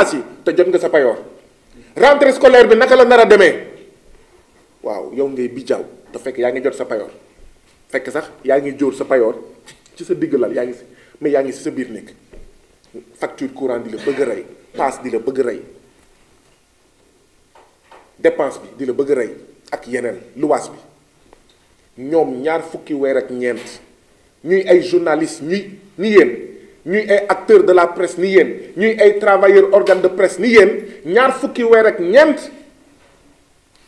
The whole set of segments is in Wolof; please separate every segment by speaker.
Speaker 1: saasi te jot nga sa payoor rentrée scolaire bi naka la nar a demee waaw yow ngay bijaaw te fekk yaa ngi jot sa payoor fekk sax yaa ngi jóor sa payoor ci sa digg lal yaa ngi si mais yaa ngi si sa biir nekk facture courant di la bëgg a rey paas di la bëgg a rey dépense bi di la bëgg rey ak yeneen luwaas bi ñoom ñaar fukki weer ak ñeent ñuy ay journaliste ñuy ni yéen ñuy ay acteurs de la presse ni yéen ñuy ay travailleurs organes de presse ni yéen ñaar fukki weer ak ñeent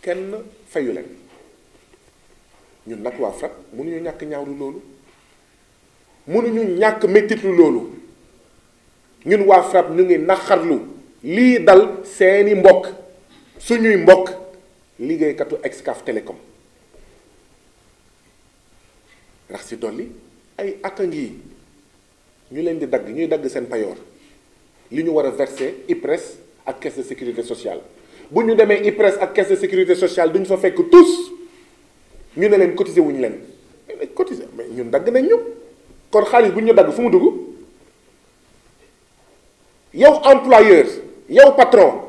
Speaker 1: kenn fayu leen ñu nag waa FRAPP mënuñu ñàkk ñaawlu loolu mënuñu ñàkk mettitlu loolu ñun waa FRAPP ñu ngi naqarlu lii dal seeni mbokk suñuy mbokk liggéeykatu Excaf Télécom rax si dolli ay at a ngi ñu leen di dagg ñuy dagg seen payoor li ñu war a verser IPRES ak caisse de sécurité sociale bu ñu demee IPRES ak caisse de sécurité sociale duñ fa fekk tous ñu ne leen cotiser wuñu leen eh, cotiser mais ñun dagg nañ ñu kon xaalis bu ñu dagg fu mu dugg yow employeur yow patron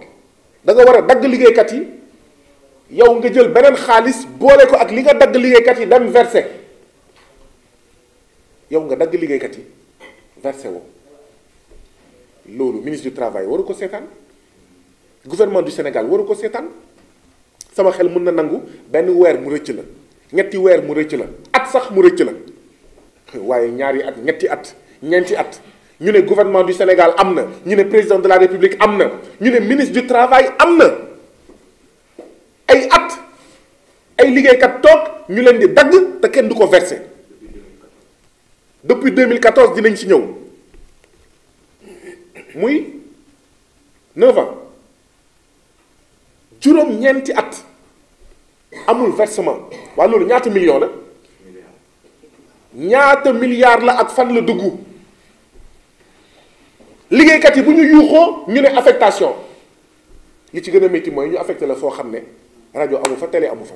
Speaker 1: da nga war a dagg liggéeykat yi yow nga jël beneen xaalis boole ko ak li nga dagg liggéeykat yi dem verser yow nga dagg liggéeykat yi. versé woo loolu ministre du travail waru ko seetaan gouvernement du Sénégal waru ko seetaan sama xel mën na nangu benn weer mu rëcc la ñetti weer mu rëcc la at sax mu rëcc la waaye ñaari at ñetti at ñeenti at ñu ne gouvernement du Sénégal am na ñu ne président de la République am na ñu ne ministre du travail am na ay at ay liggéeykat toog ñu leen di dagg te kenn du ko versé. depuis 2014 dinañ ci ñëw muy 9 ans juróom-ñeenti at amul versement waaye loolu ñaata million la ñaata milliard la ak fan la dugg liggéeykat yi bu ñu yuuxoo ñu ne affectation li ci gën a métti mooy ñu affecté la foo xam ne rajo amu fa télé amu fa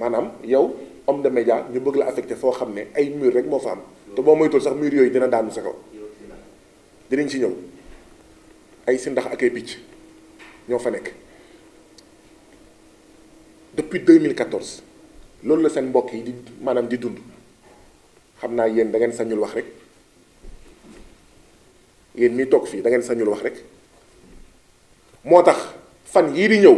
Speaker 1: maanaam yow. homme de média ñu bëgg la affecté foo xam ne ay mur rek moo fa am te boo moytul sax mur yooyu dina daanu sa kaw dinañ ci ñëw ay si ndax ak ay picc ñoo fa nekk depuis 2014 loolu la seen mbokk yi di maanaam di dund xam naa yéen da ngeen sañul wax rek yéen mi toog fii da sañul wax rek moo tax fan yii di ñëw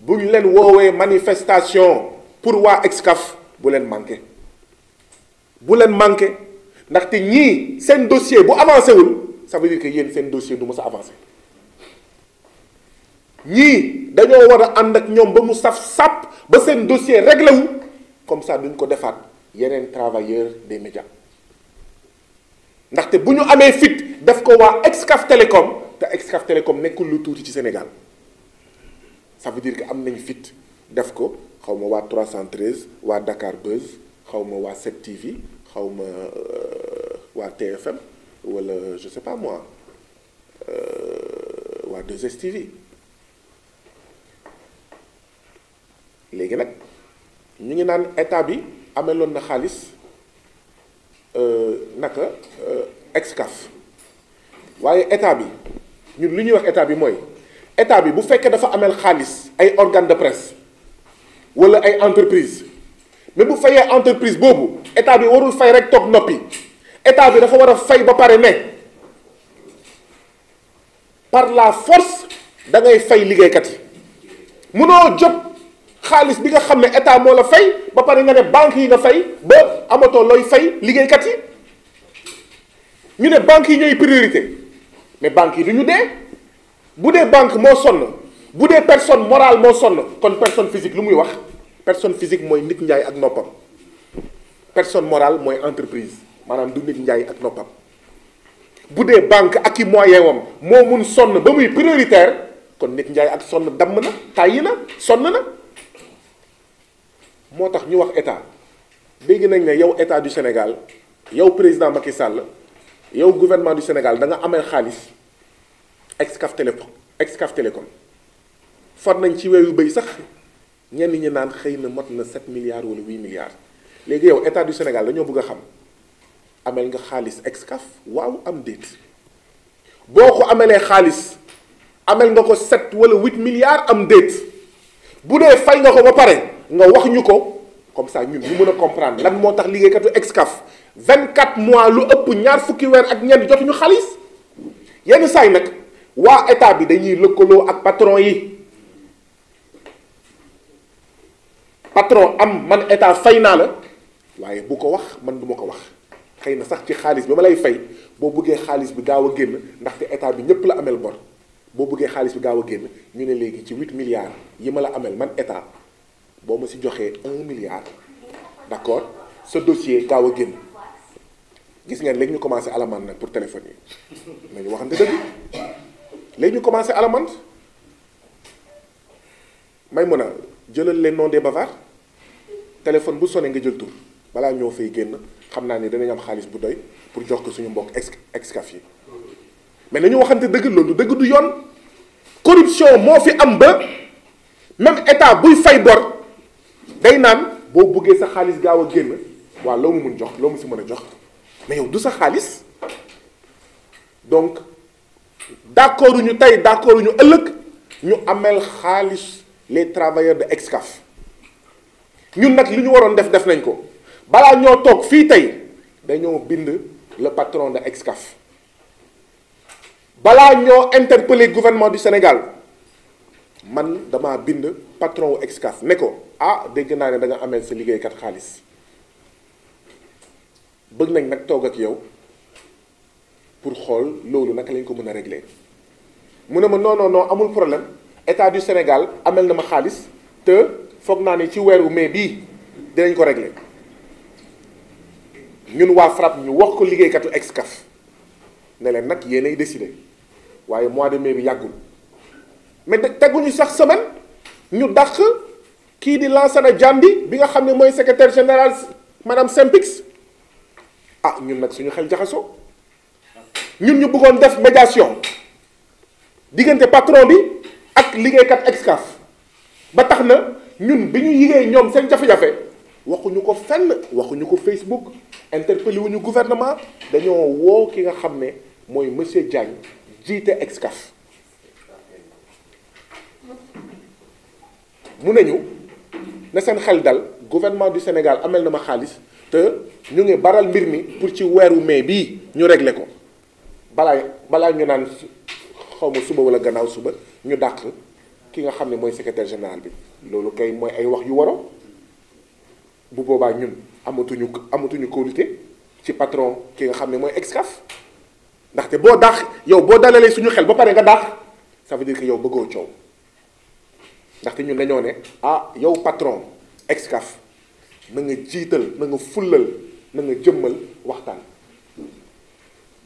Speaker 1: bu ñu leen woowee manifestation pour waa Excaf bu leen manqué bu leen manqué ndaxte ñii seen dossier bu avancé wul ça veut dire que yéen seen dossier du mës a avancé ñii dañoo war a ànd ak ñoom ba mu saf sàpp ba seen dossier réglé wu comme ça duñ ko defaat yeneen travailleurs des médias ndaxte bu ñu amee fit def ko waa Excaf Télécom te Excaf Télécom nekkul lu tuuti ci Sénégal ça veut dire que am nañu fit. def ko xaw ma waa 313 waa Dakar Buzz xaw ma waa 7TV xaw ma euh, waa TFM wala je sais pas moi euh, waa 2 léegi nag ñu ngi naan état bi ameloon na xaalis euh, naka Excaf waaye état bi ñun lu ñuy wax état bi mooy état bi bu fekkee dafa ameel xaalis ay organe de presse. wala ay entreprise mais bu fayee entreprise boobu état bi warul fay rek toog noppi état bi dafa war a fay ba pare ne par la force da ngay fay liggéeykat yi munoo jot xaalis bi nga xam ne état moo la fay ba pare nga ne banques yi nga fay ba amatoo looy fay liggéeykat yi ñu ne banques yi ñooy priorité mais banques yi du ñu dee bu dee banque moo sonn. bu dee personne morale moo sonn kon personne physique lu muy wax personne physique mooy nit njaay ak noppam personne morale mooy entreprise maanaam du nit njaay ak noppam bu dee banque ak i moyen wam moo mun sonn ba muy prioritaire kon nit njaay ak sonn damm na tàyyi na sonn na moo tax ñu wax état dégg nañ ne yow état du Sénégal yow président Macky Sall yow gouvernement du Sénégal danga amee amel xaalis Excaf Télécom Excaf for nañ ci weewu béy sax ñenn ñu naan xëy na mot na 7 milliards wala 8 milliards léegi yow état du Sénégal dañoo bëgg a xam amel nga xaalis Excaf waaw am déet boo ko amelee xaalis amel nga ko 7 wala 8 milliards am déet bu dee fay nga ko ba pare nga wax ñu ko comme ça ñu ñu mën a comprendre lan moo tax liggéeykatu Excaf 24 mois lu ëpp ñaar fukki weer ak ñenn jotuñu xaalis yenn saay nag waa état bi dañuy lëkkaloo ak patron yi. patron am man état fay naa la waaye bu ko wax man du ma ko wax xëy na sax ci xaalis bi ma lay fay boo bëggee xaalis bi gaaw a génn ndaxte état bi ñëpp la amel bor boo bëggee xaalis bi gaaw a génn ñu ne léegi ci huit milliards yi ma la amee man état boo ma si joxee un milliard d'accord sa dossier gaaw a génn gis ngeen léegi ñu commencé alamaan nag pour téléphone yi nañu waxante dëgg léegi ñu commencé alamaan may mun a jëlal leen non des bavards téléphone bu sonné nga jël tur balaa ñoo fay génn xam naa ni danañ am xaalis bu doy pour jox ko suñu mbokk ex excaf yi mais nañu waxante dëgg loolu dëgg du yoon corruption moo fi am ba même état buy fay bor day naan boo buggee sa xaalis gaaw a génn waaw loo mu mun jox loo mu si mën a jox mais yow du sa xaalis donc d'accorduñu tey d'accorduñu ëllëg ñu ameel xaalis les travailleurs de Excaf ñun nag li ñu waroon def def nañ ko balaa ñoo toog fii tey dañoo bind le patron de Excaf balaa ñoo interpeller gouvernement du Sénégal man dama bind patron wu Excaf ne ko ah dégg naa ne da nga ameel sa liggéeykat xaalis bëgg nañ nag toog ak yow pour xool loolu naka lañ ko mën a régler mu ne ma non non non amul problème. état du Sénégal amel na ma xaalis te foog naa ne ci weeru mais bii dinañ ko régler ñun waa FRAPP ñu wax ko liggéeykatu Excaf ne leen nag yéenay décider waaye mois de mais bi yàggul mais teguñu sax semaine ñu dàq kii di Lansana jàmbi bi nga xam ne mooy secretaire général madame Sempix ah ñun nag suñu xel jaxasoo ñun ñu bëggoon def médiation diggante patron bi. ak liggéeykat Excaf ba tax na ñun bi ñu yigéey ñoom seen jafe-jafe waxuñu ko fenn waxuñu ko Facebook interpellé wuñu gouvernement dañoo woo ki nga xam ne mooy monsieur Diagne jiite Excaf mu nañu na seen xel dal gouvernement du Sénégal amel na ma xaalis te ñu ngi baral mbir mi pour ci weeru mai bi ñu régler ko balaa balaa ñu naan xaw ma suba wala gannaaw suba ñu dàq ki nga xam ne mooy secrétaire général bi loolu kay mooy ay wax yu waroo bu boobaa ñun amatuñu amatuñu qualité ci patron ki nga xam ne mooy Excaf ndaxte boo dàq yow boo dalalee suñu xel ba pare nga dàq ça dire que yow bëggoo coow ndaxte ñun dañoo ne ah yow patron Excaf na nga jiital na nga fullal na nga jëmmal waxtaan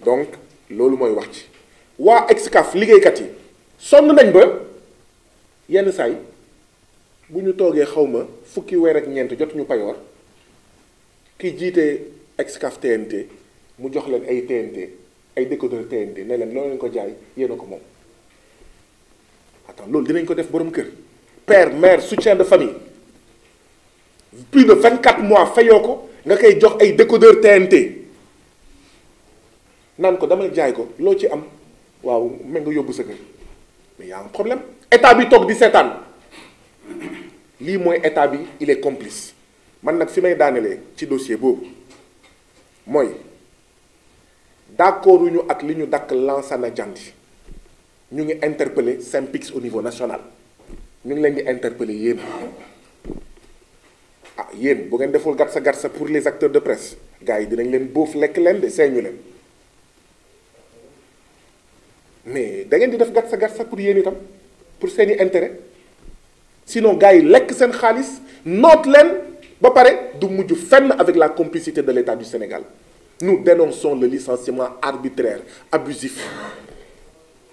Speaker 1: donc loolu mooy wax ci waa Excaf liggéeykat yi sonn nañ ba yenn saay bu ñu toogee xawma fukki weer ak ñeent jotuñu payoor ki jiite Excaf TNT mu jox leen ay TNT ay décodeur TNT ne leen loo leen ko jaay yéen ko moom attends loolu dinañ ko def borom kër père mère soutien de famille plus de vingt quatre mois fayoo ko nga koy jox ay décodeur TNT naan ko dama jaay ko loo ci am waaw mën nga yóbbu sa kër mais y problème état bi toog di seetaan lii mooy état bi il est complice man nag fi may daanelee ci dossier boobu mooy d'accord ñu ak li ñu dakk Lansana Diandy ñu ngi interpeller SYNPICS au niveau national ñu ngi leen di interpeller yéen ah yéen bu ngeen deful gat sa gat sa pour les acteurs de presse gars yi dinañ leen boof lekk leen de seeñu leen mais da ngeen di def gat sa pour yéen tam pour seen i intérêt sinon gars yi lekk seen xaalis noot leen ba pare du mujj fenn avec la complicité de l'État du Sénégal nous dénonçons le licenciement arbitraire abusif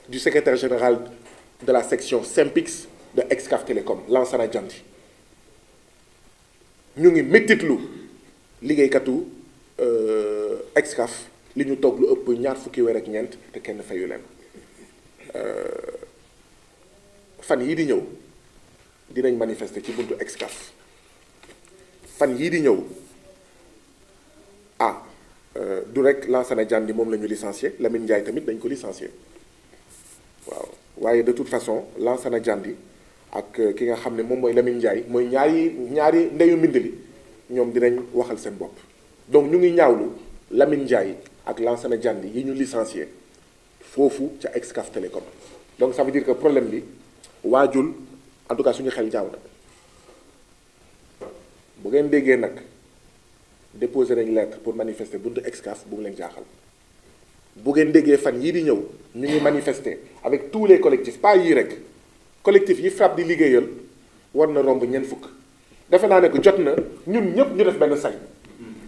Speaker 1: du secretaire général de la section Synpics de Excaf Télécom Lansana Diandy ñu ngi méttitlu liggéeykatu euh, Excaf li ñu toog lu ëpp ñaar fukki weer ak ñeent te kenn fayu leen Euh, fan yii di ñëw dinañ manifester ci buntu Excaf fan yii di ñëw ah euh, du rek Lansana Diandy moom la ñu licencié Lamine Ndiaye tamit dañ ko licencié waaw waaye de toute façon Lansana Diandy ak euh, ki nga xam ne moom mooy Lamine njaay mooy ñaari ñaari ndeyu mbind li ñoom dinañ waxal seen bopp donc ñu ngi ñaawlu Lamine Ndiaye ak Lansana Diandy yi ñu licencié foofu ca Excaf Télécom donc ça veut dire que problème bi waajul en tout cas suñu xel jaaw na bu ngeen déggee nag déposer nañ lettre pour manifester buntu Excaf bu mu leen jaaxal bu ngeen déggee fan yii di ñëw ñu ngi manifester avec tous les collectifs pas yii rek collectif yi FRAPP di liggéeyal war na romb ñeent fukk defe naa ne ko jot na ñun ñëpp ñu def benn sañ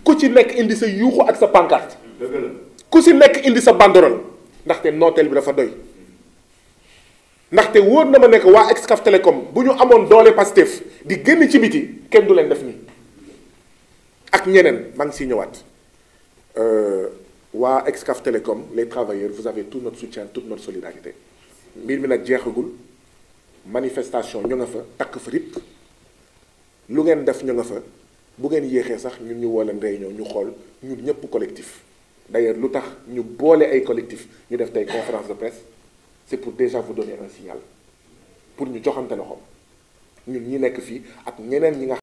Speaker 1: ku ci nekk indi sa yuuxu ak sa pancarte ku ci nekk indi sa banderole ndaxte nooteel bi dafa doy ndaxte wóor na ma nekk waa Excaf Télécom bu ñu amoon doole Pastef di génn ci biti kenn du leen def nii ak ñeneen maa ngi siy ñëwaat euh, waa Excaf Télécom les travailleurs vous avez tout notre soutien toute notre solidarité mbir mi nag jeexagul manifestation ñu nga fa takk fa rip lu ngeen def ñu nga fa bu ngeen yéexee sax ñun ñu woo leen réunion ñu xool ñun ñëpp collectif. d'ailleurs lu tax ñu boole ay collectif ñu def tey conférence de presse c'est pour déjà vous donner un signal pour ñu joxante loxo ñun ñi nekk fii ak ñeneen ñi nga